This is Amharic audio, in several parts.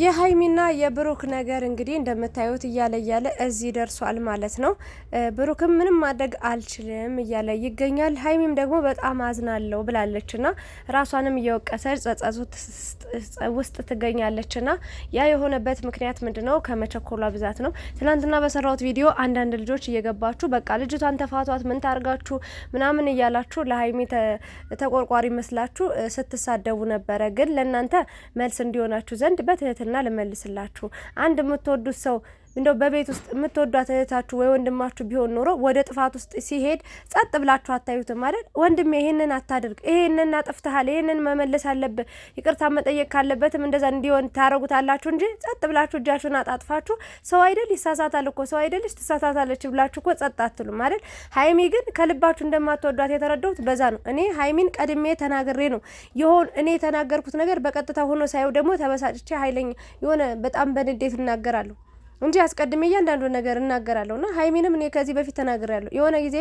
የሀይሚና የብሩክ ነገር እንግዲህ እንደምታዩት እያለ እያለ እዚህ ደርሷል ማለት ነው። ብሩክም ምንም ማድረግ አልችልም እያለ ይገኛል። ሀይሚም ደግሞ በጣም አዝናለው ብላለችና ራሷንም እየወቀሰ ጸጸት ውስጥ ትገኛለችና ያ የሆነበት ምክንያት ምንድ ነው? ከመቸኮሏ ብዛት ነው። ትናንትና በሰራሁት ቪዲዮ አንዳንድ ልጆች እየገባችሁ በቃ ልጅቷን ተፋቷት፣ ምን ታርጋችሁ ምናምን እያላችሁ ለሀይሚ ተቆርቋሪ መስላችሁ ስትሳደቡ ነበረ። ግን ለእናንተ መልስ እንዲሆናችሁ ዘንድ በትህት ልመልስትና ልመልስላችሁ። አንድ የምትወዱት ሰው እንደው በቤት ውስጥ የምትወዷት እህታችሁ ወይ ወንድማችሁ ቢሆን ኖሮ ወደ ጥፋት ውስጥ ሲሄድ ጸጥ ብላችሁ አታዩትም አይደል? ወንድሜ ይህንን አታድርግ፣ ይህንን አጥፍተሃል፣ ይህንን መመለስ አለብህ፣ ይቅርታ መጠየቅ ካለበትም እንደዛ እንዲሆን ታረጉታላችሁ እንጂ ጸጥ ብላችሁ እጃችሁን አጣጥፋችሁ ሰው አይደል ይሳሳታል እኮ ሰው አይደልሽ ትሳሳታለች ብላችሁ እኮ ጸጥ አትሉም አይደል? ሀይሚ ግን ከልባችሁ እንደማትወዷት የተረዳሁት በዛ ነው። እኔ ሀይሚን ቀድሜ ተናግሬ ነው የሆን እኔ የተናገርኩት ነገር በቀጥታ ሆኖ ሳየው ደግሞ ተበሳጭቼ ሀይለኛ የሆነ በጣም በንዴት እናገራለሁ። እንጂ አስቀድሜ እያንዳንዱ ነገር እናገራለሁ ና ሀይሚንም እኔ ከዚህ በፊት ተናግሬያለሁ። የሆነ ጊዜ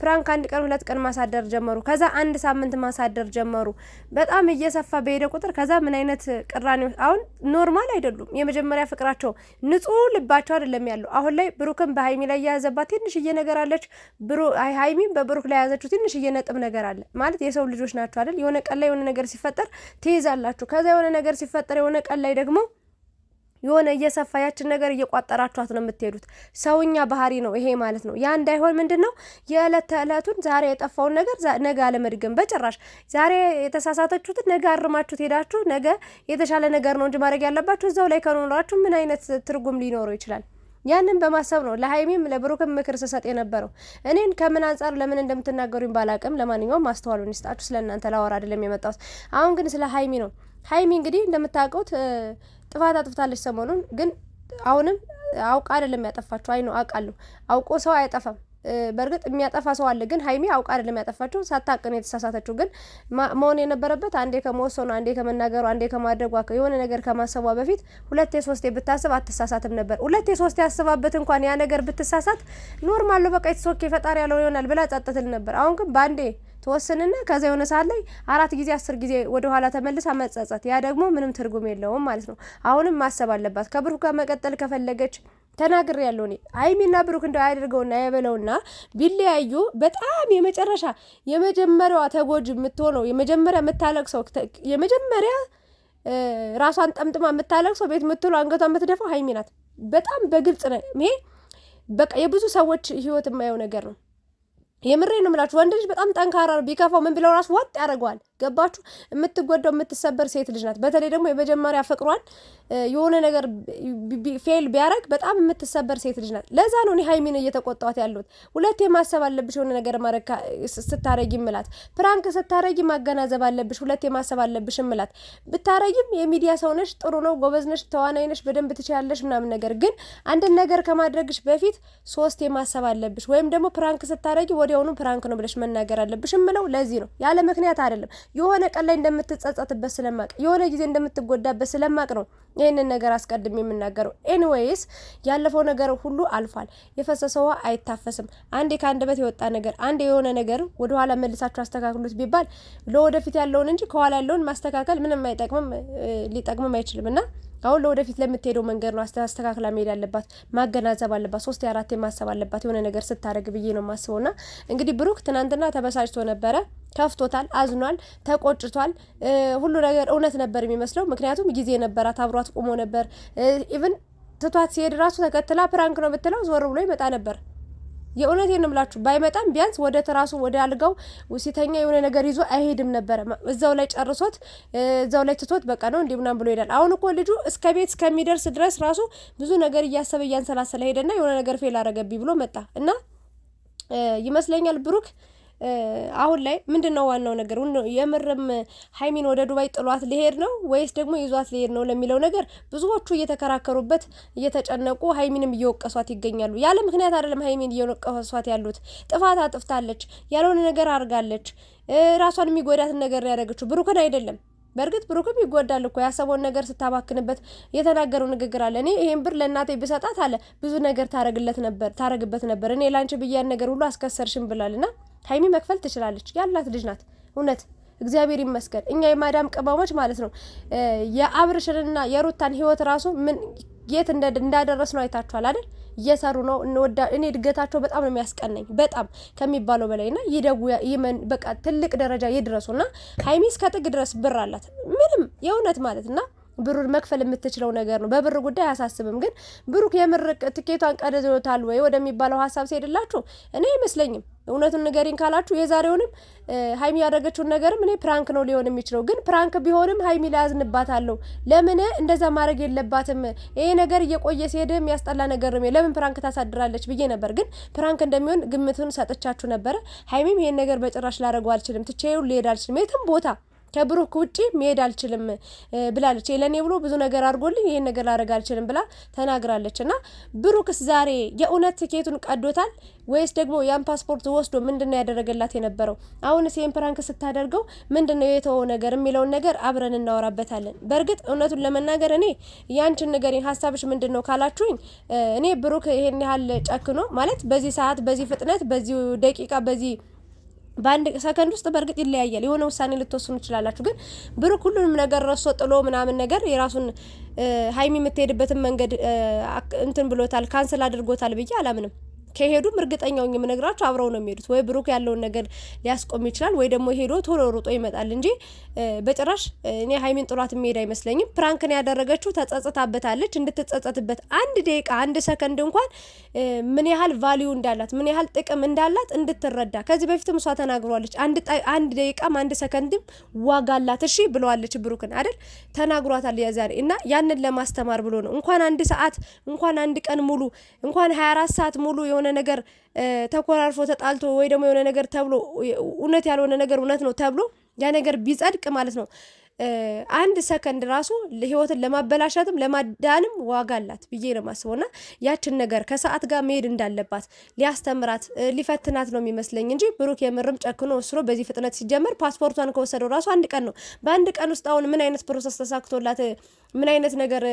ፕራንክ አንድ ቀን ሁለት ቀን ማሳደር ጀመሩ። ከዛ አንድ ሳምንት ማሳደር ጀመሩ። በጣም እየሰፋ በሄደ ቁጥር ከዛ ምን አይነት ቅራኔ አሁን ኖርማል አይደሉም። የመጀመሪያ ፍቅራቸው ንጹህ ልባቸው አይደለም ያለው። አሁን ላይ ብሩክን በሀይሚ ላይ የያዘባት ትንሽዬ ነገር አለች። ሀይሚም በብሩክ ላይ የያዘችው ትንሽዬ ነጥብ ነገር አለ። ማለት የሰው ልጆች ናቸው አይደል? የሆነ ቀን ላይ የሆነ ነገር ሲፈጠር ትይዛላችሁ። ከዛ የሆነ ነገር ሲፈጠር የሆነ ቀን ላይ ደግሞ የሆነ እየሰፋ ያችን ነገር እየቋጠራችኋት ነው የምትሄዱት። ሰውኛ ባህሪ ነው ይሄ ማለት ነው። ያ እንዳይሆን ምንድን ነው የዕለት ተዕለቱን ዛሬ የጠፋውን ነገር ነገ አለመድገም በጭራሽ። ዛሬ የተሳሳተችሁትን ነገ አርማችሁት ሄዳችሁ ነገ የተሻለ ነገር ነው እንጂ ማድረግ ያለባችሁ እዛው ላይ ከኖራችሁ ምን አይነት ትርጉም ሊኖረው ይችላል? ያንን በማሰብ ነው ለሀይሚም ለብሩክም ምክር ስሰጥ የነበረው። እኔን ከምን አንጻር ለምን እንደምትናገሩኝ ባላቅም፣ ለማንኛውም ማስተዋሉን ይስጣችሁ። ስለ እናንተ ላወራ አይደለም የመጣሁት። አሁን ግን ስለ ሀይሚ ነው። ሀይሚ እንግዲህ እንደምታውቁት ጥፋት አጥፍታለች ሰሞኑን። ግን አሁንም አውቃ አይደለም ያጠፋችሁ። አይ ነው አውቃለሁ። አውቆ ሰው አያጠፋም በእርግጥ የሚያጠፋ ሰው አለ። ግን ሀይሚ አውቃ አይደለም ያጠፋችው፣ ሳታቅን የተሳሳተችው። ግን መሆን የነበረበት አንዴ ከመወሰኑ፣ አንዴ ከመናገሩ፣ አንዴ ከማድረጓ፣ የሆነ ነገር ከማሰቧ በፊት ሁለቴ ሶስቴ ብታስብ አትሳሳትም ነበር። ሁለቴ ሶስቴ ያስባበት እንኳን ያ ነገር ብትሳሳት ኖርማል ነው፣ በቃ የተሶኬ ፈጣሪ ያለው ይሆናል ብላ ጸጥትል ነበር። አሁን ግን በአንዴ ትወስንና ከዛ የሆነ ሰዓት ላይ አራት ጊዜ አስር ጊዜ ወደ ኋላ ተመልሳ መጸጸት፣ ያ ደግሞ ምንም ትርጉም የለውም ማለት ነው። አሁንም ማሰብ አለባት። ከብሩክ ጋር መቀጠል ከፈለገች ተናግር ያለው እኔ አይሚና ብሩክ እንደ አያደርገውና ያበለውና ቢለያዩ በጣም የመጨረሻ የመጀመሪያዋ ተጎጂ የምትሆነው የመጀመሪያ የምታለቅሰው የመጀመሪያ ራሷን ጠምጥማ የምታለቅሰው ቤት የምትውለው አንገቷ የምትደፋው ሀይሚ ናት። በጣም በግልጽ ነው ይሄ። በቃ የብዙ ሰዎች ህይወት የማየው ነገር ነው። የምሬ ነው የምላችሁ። ወንድ ልጅ በጣም ጠንካራ ነው። ቢከፋው ምን ብለው ራሱ ወጥ ያደርገዋል። ገባችሁ? የምትጎዳው የምትሰበር ሴት ልጅ ናት። በተለይ ደግሞ የመጀመሪያ ፍቅሯን የሆነ ነገር ፌል ቢያደርግ በጣም የምትሰበር ሴት ልጅ ናት። ለዛ ነው እኔ ሀይሚን እየተቆጣኋት ያለሁት። ሁለቴ ማሰብ አለብሽ፣ የሆነ ነገር ማድረግ ስታረጊ ምላት፣ ፕራንክ ስታረጊ ማገናዘብ አለብሽ፣ ሁለቴ ማሰብ አለብሽ ምላት። ብታረጊም የሚዲያ ሰውነሽ ጥሩ ነው፣ ጎበዝነሽ፣ ተዋናይነሽ፣ በደንብ ትችያለሽ ምናምን። ነገር ግን አንድን ነገር ከማድረግሽ በፊት ሶስቴ ማሰብ አለብሽ፣ ወይም ደግሞ ፕራንክ ስታረጊ ወዲያውኑ ፕራንክ ነው ብለሽ መናገር አለብሽ ምለው። ለዚህ ነው ያለ ምክንያት አይደለም። የሆነ ቀን ላይ እንደምትጸጸትበት ስለማቅ የሆነ ጊዜ እንደምትጎዳበት ስለማቅ ነው ይህንን ነገር አስቀድም የምናገረው። ኤኒዌይስ ያለፈው ነገር ሁሉ አልፏል። የፈሰሰዋ ውሃ አይታፈስም። አንዴ ከአንደበት የወጣ ነገር አንዴ የሆነ ነገር ወደኋላ መልሳችሁ አስተካክሉት ቢባል ለወደፊት ያለውን እንጂ ከኋላ ያለውን ማስተካከል ምንም አይጠቅምም ሊጠቅምም አይችልም እና አሁን ለወደፊት ለምትሄደው መንገድ ነው አስተካክላ መሄድ አለባት፣ ማገናዘብ አለባት፣ ሶስት አራት ማሰብ አለባት የሆነ ነገር ስታደረግ ብዬ ነው የማስበው። ና እንግዲህ ብሩክ ትናንትና ተበሳጭቶ ነበረ። ከፍቶታል፣ አዝኗል፣ ተቆጭቷል። ሁሉ ነገር እውነት ነበር የሚመስለው ምክንያቱም ጊዜ ነበራት፣ አብሯት ቁሞ ነበር። ኢቭን ትቷት ሲሄድ ራሱ ተከትላ ፕራንክ ነው ብትለው ዞር ብሎ ይመጣ ነበር። የእውነቴን ነው ባይመጣም ቢያንስ ወደ ተራሱ ወደ አልጋው ሲተኛ የሆነ ነገር ይዞ አይሄድም ነበረ። እዛው ላይ ጨርሶት እዛው ላይ ትቶት በቃ ነው እንዲህ ምናምን ብሎ ይሄዳል። አሁን እኮ ልጁ እስከ ቤት እስከሚደርስ ድረስ ራሱ ብዙ ነገር እያሰበ እያንሰላሰለ ሄደና የሆነ ነገር ፌል አረገብኝ ብሎ መጣ እና ይመስለኛል ብሩክ አሁን ላይ ምንድን ነው ዋናው ነገር? የምርም ሀይሚን ወደ ዱባይ ጥሏት ሊሄድ ነው ወይስ ደግሞ ይዟት ሊሄድ ነው ለሚለው ነገር ብዙዎቹ እየተከራከሩበት እየተጨነቁ ሀይሚንም እየወቀሷት ይገኛሉ። ያለ ምክንያት አይደለም ሀይሚን እየወቀሷት ያሉት። ጥፋት አጥፍታለች፣ ያልሆነ ነገር አድርጋለች፣ ራሷን የሚጎዳትን ነገር ያደረገችው ብሩክን አይደለም። በእርግጥ ብሩክም ይጎዳል እኮ ያሰበውን ነገር ስታባክንበት የተናገረው ንግግር አለ። እኔ ይሄን ብር ለእናቴ ብሰጣት አለ ብዙ ነገር ታረግለት ነበር ታረግበት ነበር። እኔ ላንቺ ብያን ነገር ሁሉ አስከሰርሽም ብላልና ሀይሚ መክፈል ትችላለች። ያላት ልጅ ናት። እውነት እግዚአብሔር ይመስገን። እኛ የማዳም ቅመሞች ማለት ነው የአብርሽንና የሩታን ህይወት ራሱ ምን የት እንዳደረስ ነው አይታችኋል አይደል? እየሰሩ ነው። እኔ እድገታቸው በጣም ነው የሚያስቀናኝ፣ በጣም ከሚባለው በላይ እና ይደጉ ይመን በቃ ትልቅ ደረጃ ይድረሱ እና ሀይሚ እስከ ጥግ ድረስ ብር አላት ምንም የእውነት ማለት እና ብሩን መክፈል የምትችለው ነገር ነው። በብር ጉዳይ አያሳስብም። ግን ብሩክ የምርቅ ትኬቷን ቀድዶታል ወይ ወደሚባለው ሀሳብ ሲሄድላችሁ እኔ አይመስለኝም። እውነቱን ነገሪን ካላችሁ የዛሬውንም ሀይሚ ያደረገችውን ነገርም እኔ ፕራንክ ነው ሊሆን የሚችለው፣ ግን ፕራንክ ቢሆንም ሀይሚ ላያዝንባታለሁ። ለምን እንደዛ ማድረግ የለባትም ይሄ ነገር እየቆየ ሲሄድ የሚያስጠላ ነገር ነው፣ ለምን ፕራንክ ታሳድራለች ብዬ ነበር። ግን ፕራንክ እንደሚሆን ግምቱን ሰጥቻችሁ ነበረ። ሀይሚም ይሄን ነገር በጭራሽ ላደረገው አልችልም፣ ትቼ ልሄድ አልችልም የትም ቦታ ከብሩክ ውጪ መሄድ አልችልም ብላለች። ለእኔ ብሎ ብዙ ነገር አድርጎልኝ ይሄን ነገር ላደርግ አልችልም ብላ ተናግራለች። እና ብሩክስ ዛሬ የእውነት ትኬቱን ቀዶታል ወይስ ደግሞ ያን ፓስፖርት ወስዶ ምንድን ነው ያደረገላት የነበረው? አሁንስ ይህን ፕራንክ ስታደርገው ምንድን ነው የተወው ነገር የሚለውን ነገር አብረን እናወራበታለን። በእርግጥ እውነቱን ለመናገር እኔ ያንቺን ነገር ሀሳብሽ ምንድን ነው ካላችሁኝ እኔ ብሩክ ይሄን ያህል ጨክኖ ማለት በዚህ ሰዓት፣ በዚህ ፍጥነት፣ በዚህ ደቂቃ፣ በዚህ በአንድ ሰከንድ ውስጥ በእርግጥ ይለያያል። የሆነ ውሳኔ ልትወስኑ ትችላላችሁ። ግን ብሩክ ሁሉንም ነገር ረሶ ጥሎ ምናምን ነገር የራሱን ሀይሚ የምትሄድበትን መንገድ እንትን ብሎታል፣ ካንስል አድርጎታል ብዬ አላምንም። ከሄዱም እርግጠኛው የምነግራችሁ አብረው ነው የሚሄዱት። ወይ ብሩክ ያለውን ነገር ሊያስቆም ይችላል፣ ወይ ደግሞ ሄዶ ቶሎ ሮጦ ይመጣል እንጂ በጭራሽ እኔ ሀይሚን ጥሏት የሚሄድ አይመስለኝም። ፕራንክን ያደረገችው ተጸጽታበታለች። እንድትጸጸትበት አንድ ደቂቃ አንድ ሰከንድ እንኳን ምን ያህል ቫሊዩ እንዳላት ምን ያህል ጥቅም እንዳላት እንድትረዳ ከዚህ በፊትም እሷ ተናግሯለች። አንድ ደቂቃም አንድ ሰከንድም ዋጋ አላት እሺ ብለዋለች። ብሩክን አይደል ተናግሯታል የዛሬ እና ያንን ለማስተማር ብሎ ነው እንኳን አንድ ሰዓት እንኳን አንድ ቀን ሙሉ እንኳን አራት ሰዓት ሙሉ የሆነ የሆነ ነገር ተኮራርፎ ተጣልቶ ወይ ደግሞ የሆነ ነገር ተብሎ እውነት ያልሆነ ነገር እውነት ነው ተብሎ ያ ነገር ቢጸድቅ ማለት ነው አንድ ሰከንድ ራሱ ህይወትን ለማበላሻትም ለማዳንም ዋጋ አላት ብዬ ነው የማስበውና ያችን ነገር ከሰዓት ጋር መሄድ እንዳለባት ሊያስተምራት ሊፈትናት ነው የሚመስለኝ እንጂ ብሩክ የምርም ጨክኖ ወስኖ በዚህ ፍጥነት ሲጀመር ፓስፖርቷን ከወሰደው ራሱ አንድ ቀን ነው። በአንድ ቀን ውስጥ አሁን ምን አይነት ፕሮሰስ ተሳክቶላት ምን አይነት ነገር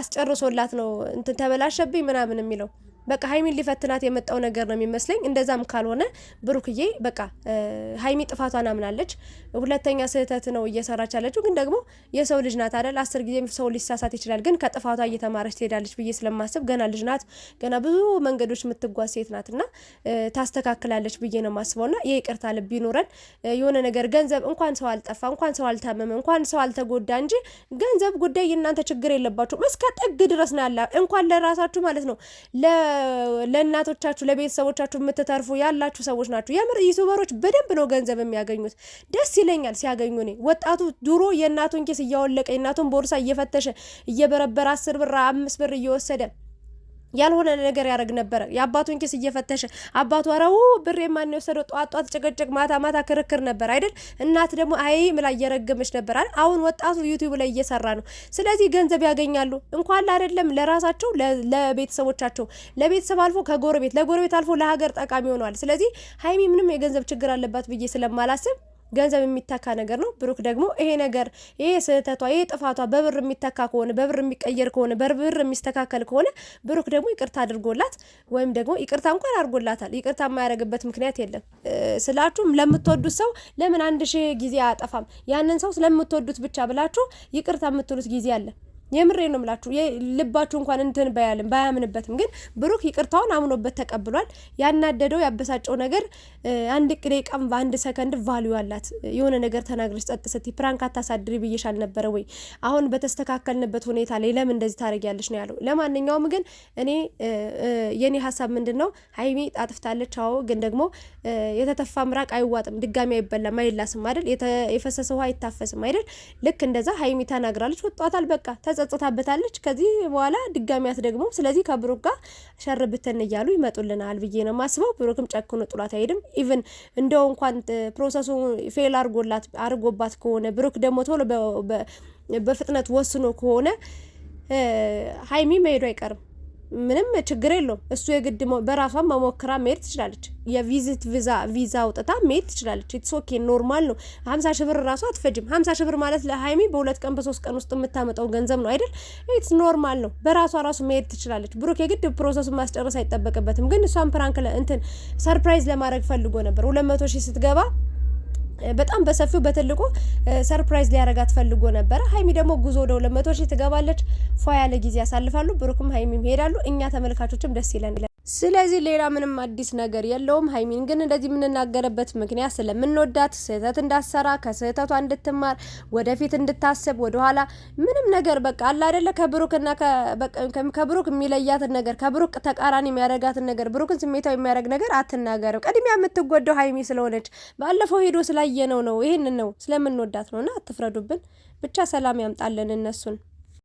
አስጨርሶላት ነው እንትን ተበላሸብኝ ምናምን የሚለው በቃ ሀይሚን ሊፈትናት የመጣው ነገር ነው የሚመስለኝ። እንደዛም ካልሆነ ብሩክዬ በቃ ሀይሚ ጥፋቷን አምናለች። ሁለተኛ ስህተት ነው እየሰራች ያለችው። ግን ደግሞ የሰው ልጅ ናት አደል? አስር ጊዜ ሰው ሊሳሳት ይችላል። ግን ከጥፋቷ እየተማረች ትሄዳለች ብዬ ስለማስብ ገና ልጅ ናት፣ ገና ብዙ መንገዶች የምትጓዝ ሴት ናት እና ታስተካክላለች ብዬ ነው ማስበውና የይቅርታ ልብ ይኖረን። የሆነ ነገር ገንዘብ እንኳን ሰው አልጠፋ እንኳን ሰው አልታመመ እንኳን ሰው አልተጎዳ እንጂ ገንዘብ ጉዳይ የእናንተ ችግር የለባችሁም። እስከ ጥግ ድረስ ነው ያለ እንኳን ለራሳችሁ ማለት ነው ለእናቶቻችሁ ለቤተሰቦቻችሁ የምትተርፉ ያላችሁ ሰዎች ናችሁ። የምር ዩቱበሮች በደንብ ነው ገንዘብ የሚያገኙት። ደስ ይለኛል ሲያገኙ። እኔ ወጣቱ ድሮ የእናቱን ኪስ እያወለቀ የእናቱን ቦርሳ እየፈተሸ እየበረበረ አስር ብር አምስት ብር እየወሰደ ያልሆነ ነገር ያደረግ ነበረ። የአባቱን ኪስ እየፈተሸ አባቱ አረው ብር የማን የወሰደው ጧት ጧት ጭቅጭቅ፣ ማታ ማታ ክርክር ነበር አይደል? እናት ደግሞ አይ ምላ እየረገመች ነበር አይደል? አሁን ወጣቱ ዩቲዩብ ላይ እየሰራ ነው። ስለዚህ ገንዘብ ያገኛሉ እንኳን አይደለም ለራሳቸው ለቤተሰቦቻቸው፣ ለቤተሰብ አልፎ ከጎረቤት ለጎረቤት አልፎ ለሀገር ጠቃሚ ሆነዋል። ስለዚህ ሀይሚ ምንም የገንዘብ ችግር አለባት ብዬ ስለማላስብ ገንዘብ የሚተካ ነገር ነው። ብሩክ ደግሞ ይሄ ነገር ይሄ ስህተቷ ይሄ ጥፋቷ በብር የሚተካ ከሆነ በብር የሚቀየር ከሆነ በብር የሚስተካከል ከሆነ ብሩክ ደግሞ ይቅርታ አድርጎላት ወይም ደግሞ ይቅርታ እንኳን አድርጎላታል። ይቅርታ የማያደርግበት ምክንያት የለም ስላችሁም ለምትወዱት ሰው ለምን አንድ ሺህ ጊዜ አያጠፋም? ያንን ሰው ስለምትወዱት ብቻ ብላችሁ ይቅርታ የምትሉት ጊዜ አለ። የምሬ ነው የምላችሁ። ልባችሁ እንኳን እንትን ባያልም ባያምንበትም፣ ግን ብሩክ ይቅርታውን አምኖበት ተቀብሏል። ያናደደው ያበሳጨው ነገር አንድ ደቂቃም በአንድ ሰከንድ ቫሊዩ አላት። የሆነ ነገር ተናግረሽ ጸጥ ስትይ ፕራንክ አታሳድሪ ብዬሽ አልነበረ ወይ? አሁን በተስተካከልንበት ሁኔታ ላይ ለምን እንደዚህ ታደርጊያለሽ ነው ያለው። ለማንኛውም ግን እኔ የኔ ሀሳብ ምንድን ነው ሀይሚ አጥፍታለች። አዎ፣ ግን ደግሞ የተተፋ ምራቅ አይዋጥም፣ ድጋሚ አይበላም፣ አይላስም አይደል? የፈሰሰ ውሃ አይታፈስም አይደል? ልክ እንደዛ ሀይሚ ተናግራለች፣ ወጧታል በቃ ተጸጽታበታለች። ከዚህ በኋላ ድጋሚያት ደግሞ ስለዚህ ከብሩክ ጋር ሸር ብትን እያሉ ይመጡልናል ብዬ ነው ማስበው። ብሩክም ጨክኖ ጥሏት አይሄድም። ኢቭን እንደው እንኳን ፕሮሰሱ ፌል አርጎላት አርጎባት ከሆነ ብሩክ ደግሞ ቶሎ በፍጥነት ወስኖ ከሆነ ሀይሚ መሄዱ አይቀርም። ምንም ችግር የለውም። እሱ የግድ በራሷ መሞክራ መሄድ ትችላለች። የቪዚት ቪዛ ቪዛ አውጥታ መሄድ ትችላለች። ኢትስ ኦኬ ኖርማል ነው። ሀምሳ ሺህ ብር ራሱ አትፈጅም። ሀምሳ ሺህ ብር ማለት ለሀይሚ በሁለት ቀን በሶስት ቀን ውስጥ የምታመጣው ገንዘብ ነው አይደል? ኢትስ ኖርማል ነው። በራሷ ራሱ መሄድ ትችላለች። ብሩክ የግድ ፕሮሰሱን ማስጨረስ አይጠበቅበትም። ግን እሷን ፕራንክ እንትን ሰርፕራይዝ ለማድረግ ፈልጎ ነበር ሁለት መቶ ሺህ ስትገባ በጣም በሰፊው በትልቁ ሰርፕራይዝ ሊያረጋት ፈልጎ ነበረ። ሀይሚ ደግሞ ጉዞ ወደ ሁለት መቶ ሺህ ትገባለች። ፏ ያለ ጊዜ ያሳልፋሉ። ብሩክም ሀይሚም ይሄዳሉ። እኛ ተመልካቾችም ደስ ይለን። ስለዚህ ሌላ ምንም አዲስ ነገር የለውም። ሀይሚን ግን እንደዚህ የምንናገርበት ምክንያት ስለምንወዳት ስህተት እንዳሰራ ከስህተቷ እንድትማር ወደፊት እንድታስብ ወደኋላ ምንም ነገር በቃ አለ አደለ ከብሩክና ከብሩክ የሚለያትን ነገር ከብሩክ ተቃራኒ የሚያደርጋትን ነገር ብሩክን ስሜታዊ የሚያደርግ ነገር አትናገርም። ቀድሚያ የምትጎደው ሀይሚ ስለሆነች ባለፈው ሄዶ ስላየነው ነው። ይህንን ነው ስለምንወዳት ነውና አትፍረዱብን ብቻ ሰላም ያምጣለን እነሱን